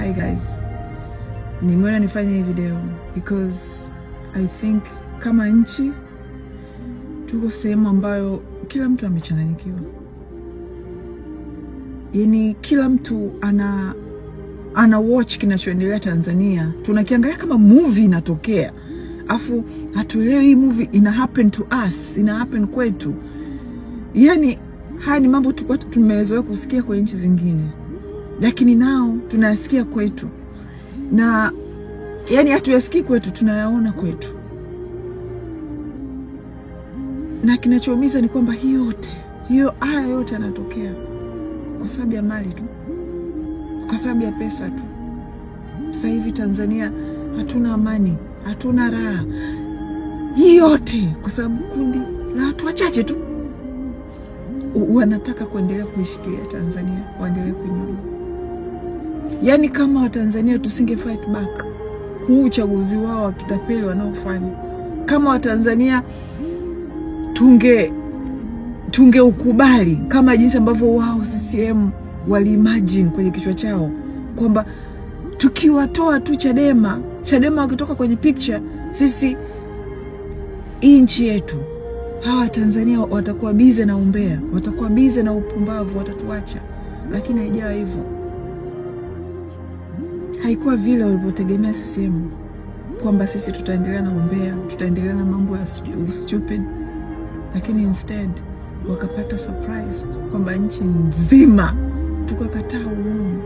hi guys, nimeona nifanye hii video because I think kama nchi tuko sehemu ambayo kila mtu amechanganyikiwa, yaani kila mtu ana ana watch kinachoendelea Tanzania, tunakiangalia kama movie inatokea, afu hatuelewi hii movie ina happen to us, ina happen kwetu. Yani haya ni mambo tulikuwa tumezoea kusikia kwenye nchi zingine lakini nao tunayasikia kwetu, na yani hatuyasikii kwetu, tunayaona kwetu, na kinachoumiza ni kwamba hii yote hiyo, haya yote yanatokea kwa sababu ya mali tu, kwa sababu ya pesa tu. Sasa hivi Tanzania hatuna amani, hatuna raha. Hii yote kwa sababu kundi la watu wachache tu wanataka kuendelea kuishikilia Tanzania, waendelee kunyonya Yaani kama Watanzania tusinge fight back huu uchaguzi wao wa kitapeli wanaofanya, kama Watanzania tunge ukubali kama jinsi ambavyo wao CCM waliimagine kwenye kichwa chao kwamba tukiwatoa tu Chadema, Chadema wakitoka kwenye picture, sisi hii nchi yetu, hawa Tanzania watakuwa bize na umbea, watakuwa bize na upumbavu, watatuacha. Lakini haijawa hivyo haikuwa vile walivyotegemea CCM kwamba sisi tutaendelea na umbea, tutaendelea na mambo ya stupid, lakini instead wakapata surprise kwamba nchi nzima tukakataa uhuru.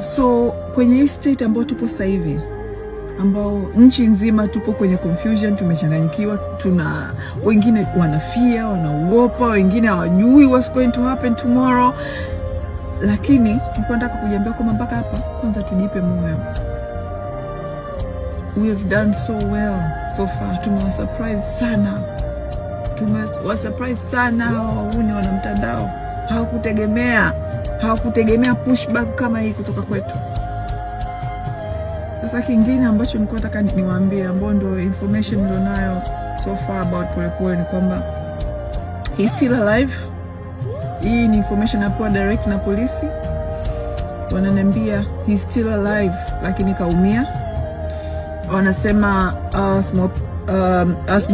So kwenye hii state ambayo tupo sasa hivi, ambao nchi nzima tupo kwenye confusion, tumechanganyikiwa, tuna wengine wanafia, wanaogopa, wengine hawajui what's going to happen tomorrow lakini nataka kujiambia kwamba mpaka hapa kwanza tujipe moyo. We have done so well so far. Tumewasurprise sana, tumewasurprise sana hawa wauni wana mtandao. Hawakutegemea, hawakutegemea pushback kama hii kutoka kwetu. Sasa kingine ambacho nilikuwa nataka niwaambie, ambao ndio information nilionayo so far about Polepole ni kwamba he's still alive hii ni information napewa direct na polisi, wananiambia he still alive, lakini kaumia. Wanasema uh,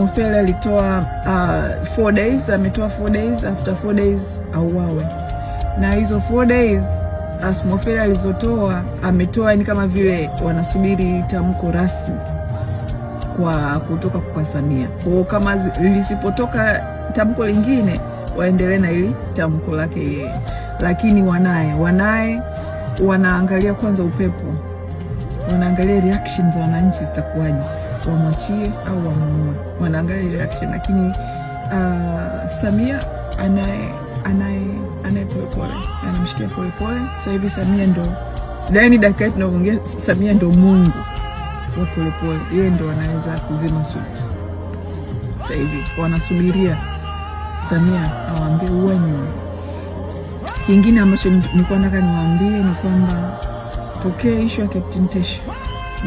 uh, alitoa uh, 4 days, ametoa 4 days, after 4 days auawe, na hizo 4 days Asmofele alizotoa ametoa, ni kama vile wanasubiri tamko rasmi kwa kutoka kwa Samia, kwa kama lisipotoka tamko lingine waendelee na hili tamko lake yeye, lakini wanaye wanaye wanaangalia kwanza upepo, wanaangalia reaction za wananchi zitakuwaje, wamwachie au wamnunue, wanaangalia reaction. Lakini uh, Samia anaye anaye anaye polepole, anamshikia polepole. Sasa hivi Samia ndo ndani, dakika hii Samia ndo Mungu wa polepole, yeye ndo anaweza kuzima switch. Sasa hivi wanasubiria Samia awaambie uwenye. Kingine ambacho nilikuwa nataka niwaambie ni kwamba tokea ishu ya Captain Tesha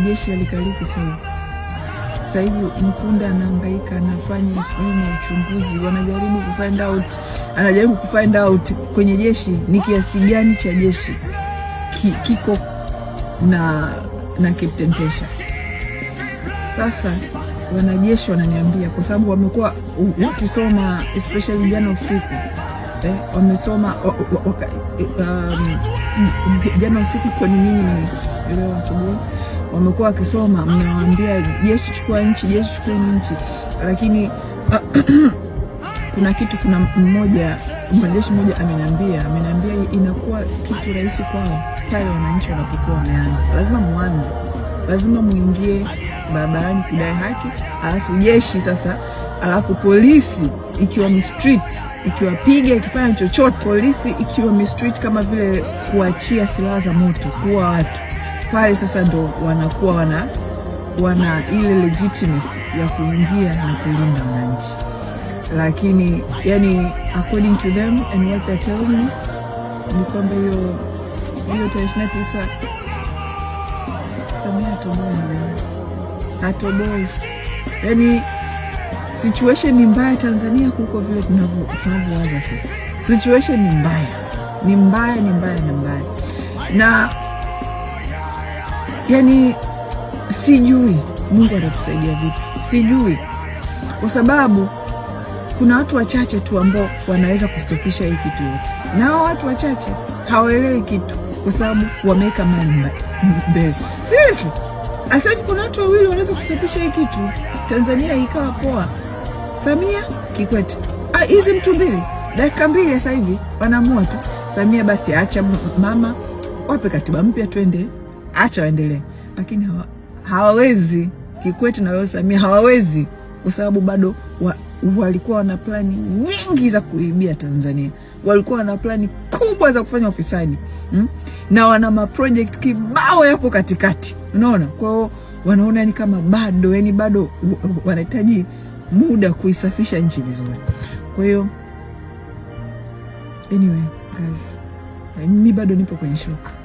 jeshi alikaliki sasa. Sasa hivi Mkunda anahangaika, anafanya sijui na uchunguzi, wanajaribu kufind out, anajaribu kufind out kwenye jeshi ni kiasi gani cha jeshi ki, kiko na na Captain Tesha sasa wanajeshi wananiambia, kwa sababu wamekuwa wakisoma especially jana usiku eh, wamesoma um, jana usiku kwa nini leo asubuhi wamekuwa wakisoma, mnawaambia jeshi chukua nchi, jeshi chukua nchi, lakini kuna kitu, kuna mmoja mwanajeshi mmoja ameniambia, ameniambia inakuwa kitu rahisi kwao pale wananchi wanapokuwa wameanza. Lazima mwanze, lazima muingie barabarani kudai haki, alafu jeshi sasa, alafu polisi ikiwa mstreet ikiwapiga ikifanya chochote, polisi ikiwa mistreat kama vile kuachia silaha za moto kuwa watu pale, sasa ndo wanakuwa wana wana ile legitimacy ya kuingia na kulinda wananchi, lakini yani according to them and what they tell me ni kwamba hiyo hiyo tarehe 29 Samia Tomoe hatoboi. Yani situation ni mbaya Tanzania kuko vile tunavyowaza sisi Situation ni mbaya, ni mbaya, ni mbaya, ni mbaya na yani sijui Mungu atatusaidia vipi, sijui kwa sababu kuna watu wachache tu ambao wanaweza kustopisha hii kitu yote, na hao watu wachache hawaelewi kitu, kwa sababu wameweka mali mbele. Seriously. Sasa kuna watu wawili wanaweza kusafisha hii kitu, Tanzania ikawa poa. Samia Kikwete, ah, hizi mtu mbili, dakika mbili sasa hivi wanaamua tu. Samia basi acha mama, wape katiba mpya, twende, acha waendelee, lakini hawa, hawawezi Kikwete na leo Samia hawawezi kwa sababu bado wa, walikuwa wana plani nyingi za kuibia Tanzania, walikuwa wana plani kubwa za kufanya ufisadi hmm? na wana maprojekti kibao yapo katikati unaona. Kwa hiyo wanaona ni kama bado yani bado wanahitaji muda kuisafisha nchi vizuri. Kwa hiyo anyway guys, mi bado nipo kwenye shoka.